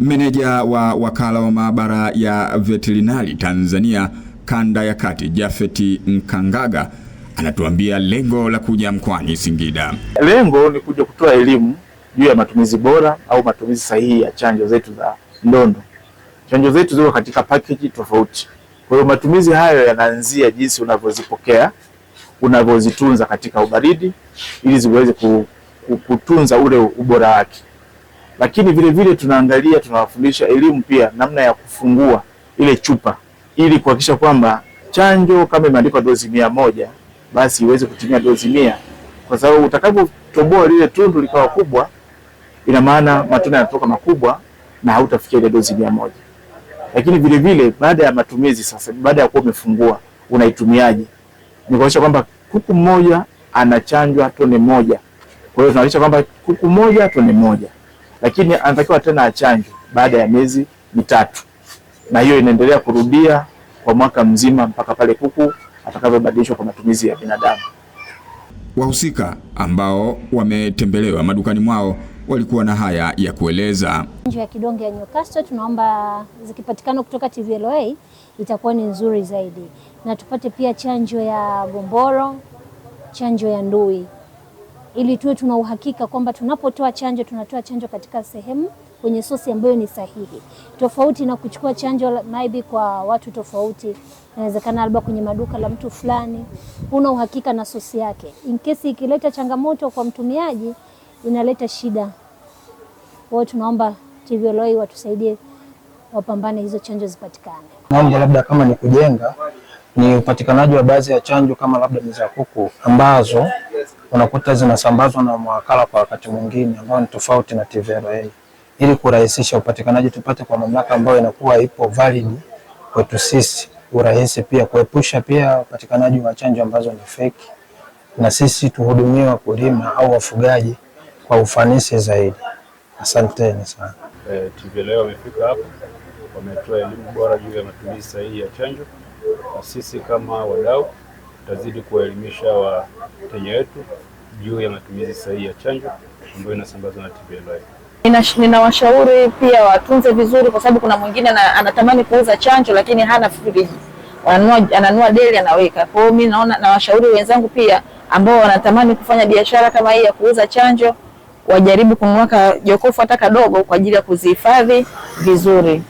Meneja wa wakala wa maabara ya veterinari Tanzania kanda ya kati Jafeti Mkangaga anatuambia lengo la kuja mkoani Singida. Lengo ni kuja kutoa elimu juu ya matumizi bora au matumizi sahihi ya chanjo zetu za ndondo. Chanjo zetu ziko katika package tofauti, kwa hiyo matumizi hayo yanaanzia jinsi unavyozipokea, unavyozitunza katika ubaridi ili ziweze kutunza ule ubora wake lakini vile vile tunaangalia, tunawafundisha elimu pia namna ya kufungua ile chupa ili kuhakikisha kwamba chanjo kama imeandikwa dozi mia moja basi iweze kutumia dozi mia kwa sababu utakapotoboa lile tundu likawa kubwa, ina maana matunda yanatoka makubwa na hautafikia ile dozi mia moja. Lakini vile vile baada ya matumizi sasa, baada ya kuwa umefungua unaitumiaje? Ni kuonyesha kwamba kuku mmoja anachanjwa tone moja. Kwa hiyo tunaonyesha kwamba kuku moja tone moja lakini anatakiwa tena achanjwe baada ya miezi mitatu, na hiyo inaendelea kurudia kwa mwaka mzima mpaka pale kuku atakavyobadilishwa kwa matumizi ya binadamu. Wahusika ambao wametembelewa madukani mwao walikuwa na haya ya kueleza. Chanjo ya kidonge ya Newcastle tunaomba zikipatikana kutoka TVLA itakuwa ni nzuri zaidi, na tupate pia chanjo ya gomboro, chanjo ya ndui ili tuwe tuna uhakika kwamba tunapotoa chanjo tunatoa chanjo katika sehemu kwenye sosi ambayo ni sahihi, tofauti na kuchukua chanjo maybe kwa watu tofauti. Inawezekana labda kwenye maduka la mtu fulani, huna uhakika na sosi yake. In case ikileta changamoto kwa mtumiaji, inaleta shida. Kwa tunaomba TVLA watusaidie, wapambane hizo chanjo zipatikane. Naomba labda kama ni kujenga, ni upatikanaji wa baadhi ya chanjo kama labda ni za kuku ambazo unakuta zinasambazwa na mawakala kwa wakati mwingine ambao ni tofauti na TVRA, ili kurahisisha upatikanaji tupate kwa mamlaka ambayo inakuwa ipo valid kwetu sisi, urahisi pia kuepusha pia upatikanaji wa chanjo ambazo ni fake, na sisi tuhudumie wakulima au wafugaji kwa ufanisi zaidi. Asanteni sana. Eh, TVRA wamefika hapa, wametoa elimu bora juu ya matumizi sahihi ya chanjo, na sisi kama wadau tutazidi kuwaelimisha wateja wetu juu ya matumizi sahihi ya chanjo ambayo inasambazwa na TPL Ninawashauri pia watunze vizuri, kwa sababu kuna mwingine anatamani kuuza chanjo lakini hana friji, ananua deli anaweka. Kwa hiyo mimi naona, nawashauri wenzangu pia ambao wanatamani kufanya biashara kama hii ya kuuza chanjo, wajaribu kununua jokofu hata kadogo kwa ajili ya kuzihifadhi vizuri.